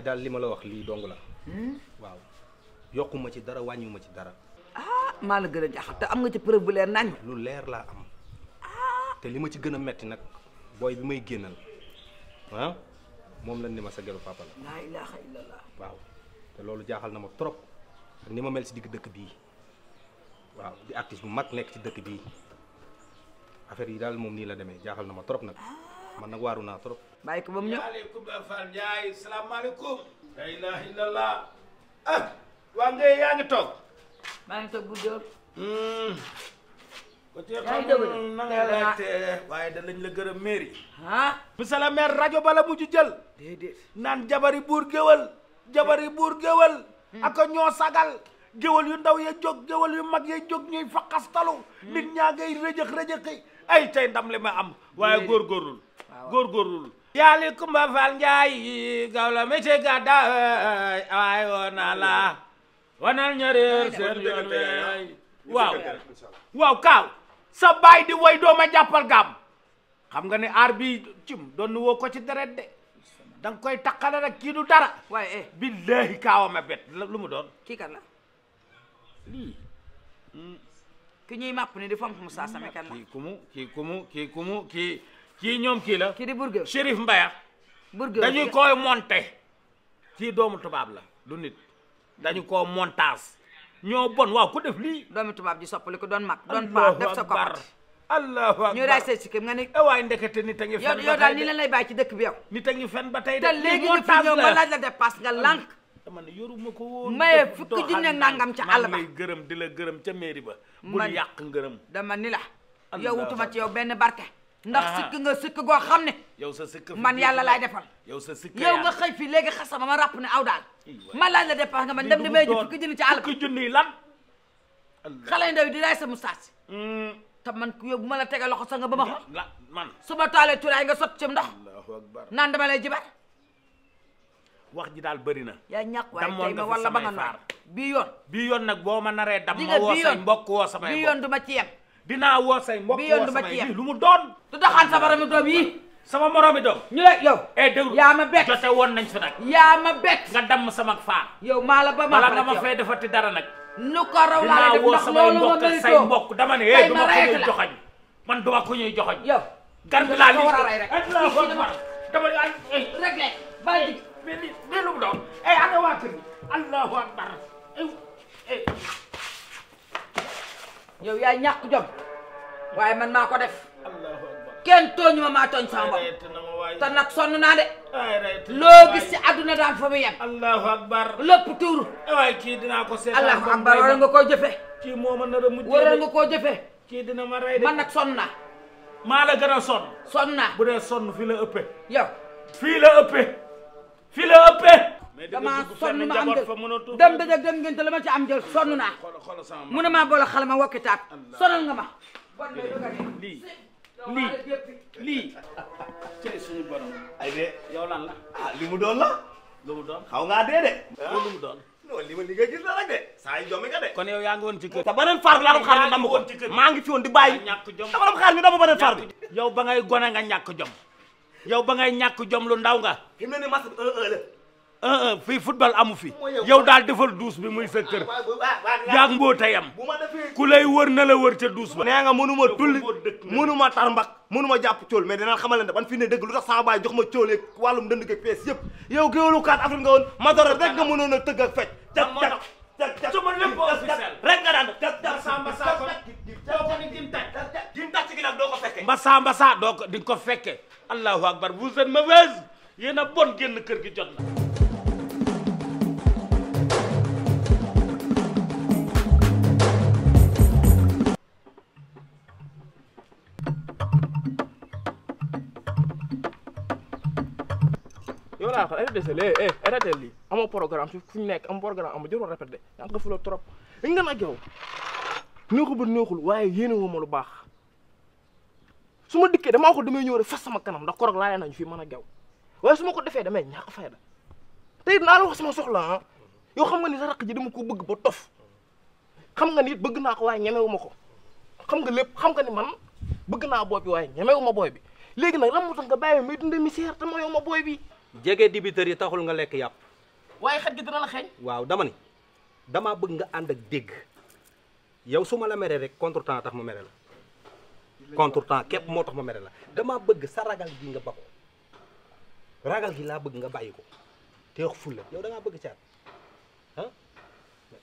Ablaye daal li ma la wax lii dong la. Hmm? waaw yokkuma ci dara wàññiwuma ci dara. Ah, maa la gën a jaaxal te am nga ci preuve bu leer nañ. lu leer laa am. Ah. te li ma ci gën a metti nag booy bi may génnal ah moom lañ ni ma sa gelu papa laa ilaaha illallah. waaw te loolu jaaxal na ma trop ak ni ma mel si digg dëkk bii waaw di artiste bu mag nekk ci dëkk bii affaire yi daal moom nii la demee jaaxal na ma trop nag ah. man nag waaru naa trop. Baik ko ba salamualaikum. ñëw aleykum Fall Ndiaye la ilaha illallah ah waa yang yaa ngi ya, toog maa ngi toog bu jóor ko te xam na nga laajte waaye da lañ la gërëm mairie ah bisa la maire rajo bala mujj jël jabari buur jabari buur Aku aka ñoo sagal géwal yu ndaw ye jóg géwal yu mag ye jóg ñuy faqastalu hmm. nit ñaa ngay rëjëx rëjëxi ay tey ndam li ma am waaye góorgóorlul góorgóorlul yaali kumba fal njaay gaw la métier gàddaay awaay woon naa la wanal seen yoon waaw waaw kaaw sa di way dooma jàppal gàmm xam nga ne aar cim doon woo ko ci deret de da koy taqale rek kii du dara waaye eh billaahi kaawama bet lu mu doon kii kan la lii ki ñuy màpp kumu kii kumu kii kii ñoom kii la kii di mbaya burger. dañuy koy monté kii doomu tubaab la du nit dañu ko montage ñoo bon waaw ku def lii doomu tubaab ji soppali ko don mag don paa def sa kopati allahu akbar ñu raay nga ni eh waay ndekete nit ngi fen yow daal ni la lay bàyyi ci dëkk bi yow nit ngi fen ba tey de te léegi ñu fi ñëw ma laaj la dépasse nga lànk man yoruma ko woon maye fukki nangam ca àll ba maa ngi gërëm di la gërëm ca mairie ba bul yak ngërëm dama ni la yow wutuma ci yow benn barke ndax sikk nga sikk goo xam ne yow sa sikk man yàlla laay defal yow sa sikk yow nga xëy fii léegi xasama ma ràpp ne aw daal ma laaj la dépense nga man dem damay ji fukki junni ci àll fukki junni lan xale yu ndaw yi di raay sa moustache hmm. te man ku yow bu ma la tege loxo sax nga ba ma xool man su taalee cuuraay nga sot ci ndax naan dama lay jibar wax ji daal bari na yaa ñàkk waaye tey ma wala ba nga noor bii yoon bii yoon nag boo ma naree dam ma woo say mbokk woo samay yoon du ma ci dinaa woo say mbokk woo sama yi lu mu doon. du doxaan sa moromi doom yi. sama moromi doom. ñu ne yow. eh déglu yaa woon nañ fi nag. yaa ma bett. nga damm sama faar. yow maa la ba ma bala nga ma fee defati dara nag. nu ko raw laa def ndax loolu ma say mbokk dama ne eh duma ko ñuy joxoñ. man duma ko ñuy joxoñ. yow garab laa lii eh, dama ay réglé bàyyi mais li lu mu doon ay eh, ana waa kër allahu akbar ay eh, yow yaay ñàkk jom waaye man maa ko def kenn tooñu ma maa tooñ sama bopp te nag sonn naa de loo gis si àdduna daal fa mu yem allahu akbar dinaa ko seetaan allahu akbar waral nga koo jëfe kii moo ma nar a koo jëfe kii dina ma rey de man nag sonn maa la gën a sonn sonn bu dee sonn fii la ëppe yow fii la ëppe fii la ëppe damaa sonn ma am jël dem da dem ngénte la ma ci am jël sonn naa mu ne maa boole xale ma wokkitaat sonal nga ma bon may doga lii lii lii ci suñu borom ay de yow lan la ah li mu doon la lu mu doon xaw ngaa de lu mu doon ah, non li ma li nga gis la rek de saa yi jommi nga de maa ngi fi woon di bàyyi ñàkk jom dama xaar mi dama beneen faar bi yow ba ngay gone nga ñàkk jom yow ba ngay ñàkk jom lu ndaw nga fi ni mas un euh, un euh, fii football amu fi yow daal defal duus bi muy sa kër yaag mbootayam ku lay wër na la wër ca duus ba. nee nga mënuma tulli mënuma tar mbak ma jàpp cool mais dinañ xamal leen de ban fi ne dëgg lu tax sama baay jox ma cooleeg wàllum dënd geeg pees yëpp yow géwélu kaat Afrique nga woon Madara rek nga mënoon a tëgg ak fecc. man moo tax ca ca rek nga daan def. mbasa mbasa doo ko di nga ko fekke allahu akbar vous êtes mauvaise yéen a bon génn kër gi jot na. xalaatal RDC lé eh, eh RDC lii amoo programme ci fu ñu nekk am programme am jëroo répété yaa ngi ko fuloo trop dañ nga nag yow neexul ba neexul waaye yéene ma lu baax su dikkee damaa ko ñëw rek fas sama kanam ndax korog laaya nañu fii mën a gaw waaye su ko defee damay ñàkk fayda tey naa la wax sama soxla ah xam nga ni sa rakk ji bëgg ba tof xam nga ni bëgg naa ko waaye ñemewu ma ko xam nga lépp xam nga ni man bëgg naa booy bi waaye ñemewu ma booy bi léegi nag la moo tax nga bàyyi may dundee misère te ma yow ma booy bi jege débiteur yi taxul nga lek yap waye xet gi dina la waaw dama ni dama bëgg nga and ak dégg yow suma la méré rek contre temps tax ma méré la contre temps képp tax ma méré la dama bëgg sa ragal gi nga bako ragal gi la bëgg nga bayiko ko te wax la yow da ngaa bëgg ciat ah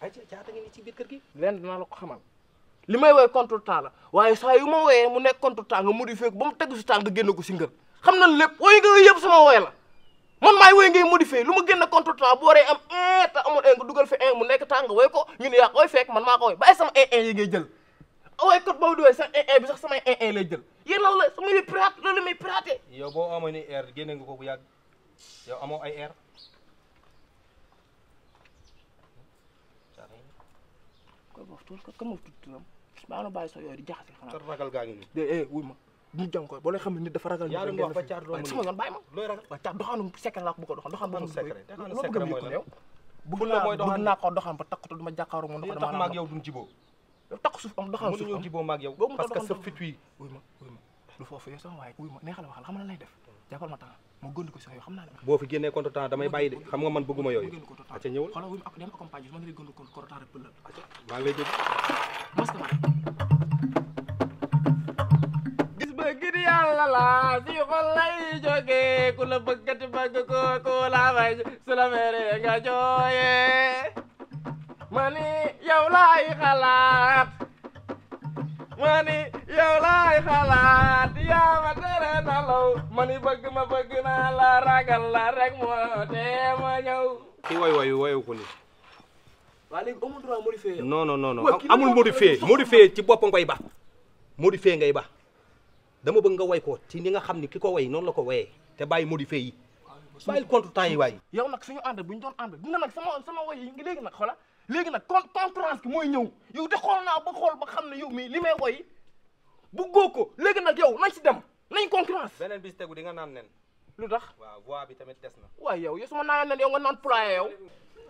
ay caata ngi ni ci biir kër gi lén dina la ko xamal limay woy contre temps la waye sa yu ma woyé mu nek contre nga modifier ko mu temps ko ci ngeur xamna lepp way nga sama woy la man maay woy ngay modifié lu ma gën a contre temps bu waree am un te amul un nga dugal fi un mu nekk tàng woy ko ñu ne yaa koy fekk man maa ko woy ba ay sama un un yi ngay jël woy code boobu di woy sax sax samay un un lay jël yéen la sama li pirate loolu may piraté yow boo amoon ni air génne ko bu yàgg yow amoo ay air koy boof tuur kan moo yooyu di gaa ngi nii eh, boo lay xam nit dafa ragal. yaa du dafa dama tax maag si ma dem accompagné ma ngi rek pëlal maa ngi lay dégg la si xol lay jógee ku la bëggati bëgg ku la may su la mere nga jooyee mani yow laay xalaat mani yow laay xalaat yaa ma tere nalaw mani bëgg ma la ragal la rek moo tee ma ñëw ki way wayu wayu ko ni waa léegi amul droit modifié non non non non amul modifié modifié ci boppam koy ba dama bëgg nga way ko ci ni nga xam ni ki ko way noonu la ko wayee te bàyyi modifié di bàyyil contre temps yi waay yow nag suñu ànd bu ñu doon ànd dina nag sama sama way yi léegi nag xoola léegi nag con concurrence bi mooy ñëw yow de xool naa ba xool ba xam ne yow mii li may woy bu góo ko léegi nag yow nañ si dem nañ concurrence beneen bis tegu di nga naan nen lu tax waaw voix bi tamit des na waaye yow yow su ma naan nen yow nga naan ployé yow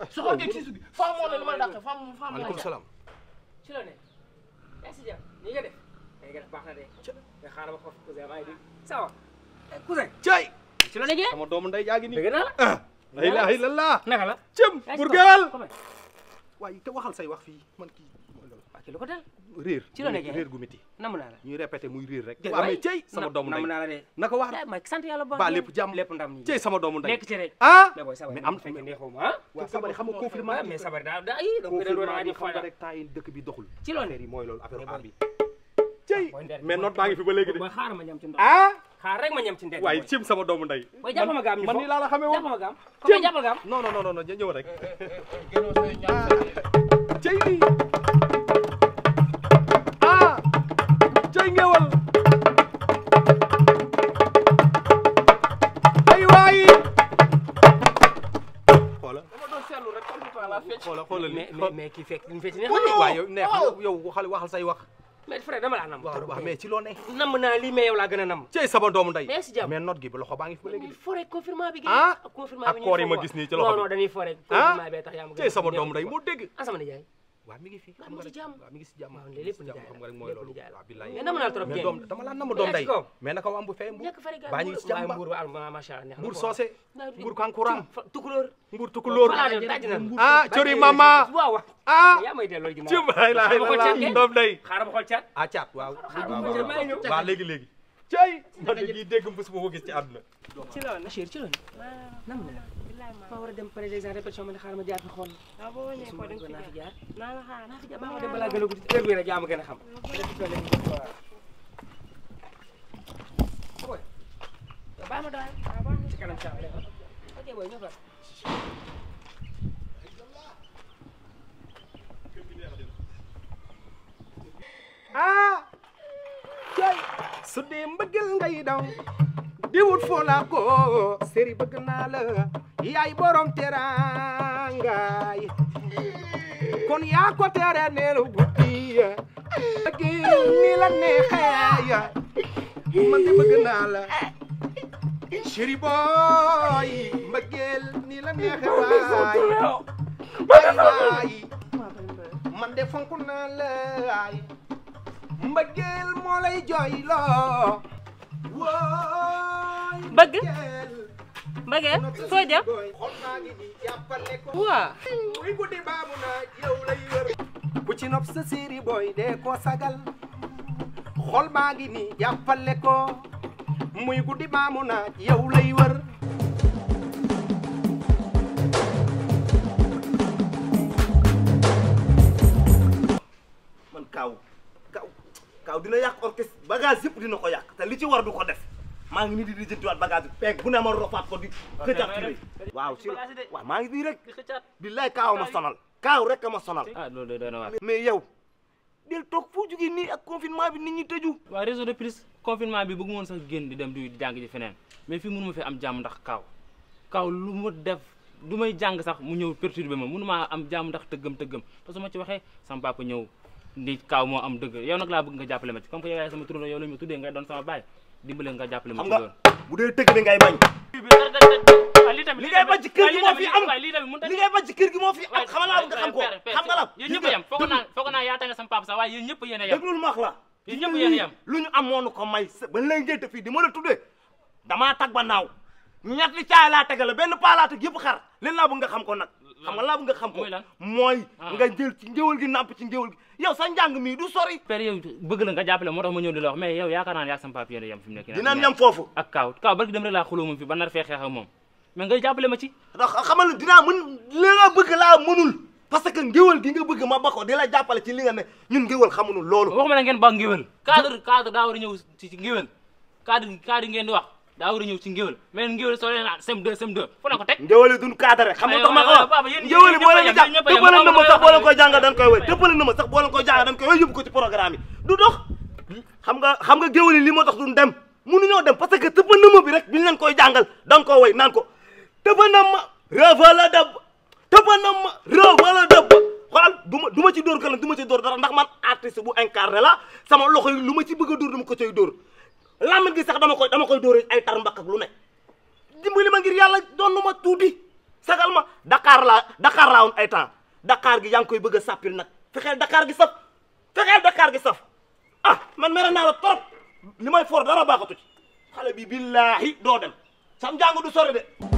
su ko dégg si subi femme moo ne li ma dàqe femme femme aleykum salaam ci la ne yaa si jàmm ñi nga def léegi baax na de nga ma xool cousin maa ngi dégg ça va eh, cousin cay ci la nekkee sama doom ndey yaa ngi nii dëgg naa la ah, la ilaha illallah la waxal say wax fii man kii waa kii lu la nekkee la ñuy muy réer rek waaw mais cey sama doomu ndey namu naa la de na ko wax eh, ma sant yàlla ba ba lépp na lépp ndam nii cey sama doomu ndey nekk ci rek ah eh, mais am fekk neexoo ma ah. waaw sabari xam nga confirmation ah, mais sabari daa daa yi donc da doon rek temps yi dëkk bi doxul ci loolu affaire yi mooy loolu affaire bi cey mais note baa ngi fi ba léegi de ah xaar rek ma ñam ci ndel waaye cim sama doomu ndey boy jàpp ma gaam man nii laa la xamee woon jàpp ma gaam cim jàpp ma gaam non non non non ñëw rek cey lii ah cey ngewal ay waay xoola xoola xoolal mais mais kii fekk ñu fekk neex na waaye yow neex yow waxal waxal say wax mais frère dama laa nam waaw waaw mais ci loo ne nam naa lii mais yow laa gën a nam ah? cey ah? ah, sama doomu ndey mais si jàmm mais note gi ba loxo baa ngi fi ba léegi foré confirmant bi ah ak koor yi ma gis nii ci loxo non non dañuy foré confirmant bi tax yaa ma gën cey sama doomu ndey moo dégg asama nijaay waaw mi ngi fi xam nga rek waaw mi ngi si jàmm waaw lépp lu jaay la xam nga rek mooy loolu waaw billaay mais namm naa trop mais doom dama laa namm doom day mais naka waa mbu fee mbuur baa ñu ngi si jàmm mbuur ba macha Allah mbuur soose mbuur kankurang tukulóor mbuur tukulóor ah cori mama waaw ah yaa may delloo gi moom cim ay laay la doom day xaaral ma xool caat ah caat waaw waaw léegi léegi cay man de gii dégg mbus boo ko gis ci àdduna ci la na chéri ci la nam na dafa war a dem par exemple répétition ma ne xaaral ma jaar fi xool. waaw ah, boo wane ko dem ci naa fi jaar. naa la xaar naa fi jaar maa ngi dem balaa gën a guddi heure bii rek yaa ma gën a xam. baa ma doon ci kanam saa ok booy ñëw fa. ah. cay su dee mbëggeel ngay daw di wut foo laa ko séri bëgg naa la. yaay borom teraangaay kon yaa ko tere neelu guddi ya gi ni la neexee ya man de bëgg naa la chéri boy mbëggeel ni la neexee waay waay mbëggeel foo jëm waa bu ci nopp sa siiri booy dee ko sagal xol maa ngi ni jàppale ko muy guddi maamu naaj yow lay wër man kaaw kaaw kaaw dina yàq orchestre bagage yëpp dina ko yàq te li ci war du ko def Mang ngi nii di lijjantiwaat bagage bi peeg bu ne ma rofaat ko di xëcaat ci waaw si waaw maa ngi nii rek bi lay kaaw ma sonal kaaw rek ma sonal ah loolu doy na waar mais yow del toog foo jógee nii ak confinement bi nit ñi tëju waaw réseau de plus confinement bi bëgg moon sax génn di dem di jàng ji feneen mais fii mënuma fi am jàmm ndax kaaw kaaw lu mu def du may jàng sax mu ñëw perturbé ma mënumaa am jàmm ndax tëggam tëggam te su ma ci waxee sama papa ñëw ni kaaw moo am dëgg yow nag laa bëgg nga jàppale ma ci comme que yow yaay sama turandoo yow lañu ma tuddee ngay sama baay dimbale nga jàppale ma ci loolu bu dee tëgg bi ngay bañ li ngay bañ ci gi moo fi am li ngay bañ ci kër gi nga xam ko xam nga la yéen ñëpp yam foog naa nga sama papa sax waaye yéen a yam a lu ñu am moonu ko may ba lay ngénte fii di ma la tuddee damaa tag ba naaw ñett li caay laa tegale benn paalaatu yëpp xar leen laa bëgg nga xam ko nag xam nga laabu nga xam ko mooy ah. nga jël ci ngéwal gi nàmp ci ngéwal gi yow sa njàng mii du sori père yow bëgg la nga jàppale moo tax ma ñëw di la wax mais yow yaakaar naa ne yaag sama papa yéen a yem fi mu nekk dinañ yem foofu ak kaaw kaaw barki dem rek laa xuloo fi ba nar fee xeex moom mais nga jàppale ma ci ndax xamal dinaa mën li nga bëgg laa mënul parce que ngéwal gi nga bëgg ma ba ko di la jàppale ci li nga ne ñun ngéwal xamuñu loolu waxuma na ngeen ba ngéwal cadre a ñëw ci ngéwal cadre cadre ngeen di wax daa war a ñëw ci ngéwél mais ngéwél soo leen sem2 sem2 fu na ko teg ngéwél duñ cadre xam nga tax ma ko ngéwél boo leen jàng na ma sax boo leen koy jàngal dañ koy wéy dëppale na ma sax boo leen koy jàngal dañ koy wéy yóbbu ko ci programme du dox xam nga xam nga géwél li moo tax duñ dem mënuñoo dem parce que tëppal na ma bi rek biñ leen koy dañ ko na ma dab na ma dab ci ci dara ndax man artiste bu incarné la sama loxo yi ci bëgg a ko làmb gi sax dama koy dama koy dóore ay tar mbakk ak lu ne dimbali ma ngir yàlla doon ma tuuti sagal ma Dakar la Dakar laa woon ay temps Dakar gi yaa ngi koy bëgg a sàppil nag fexeel Dakar gi saf fexeel Dakar gi saf ah man mere naa la trop li may foor dara baaxatu ci xale bi billaahi doo dem sam njàng du sori de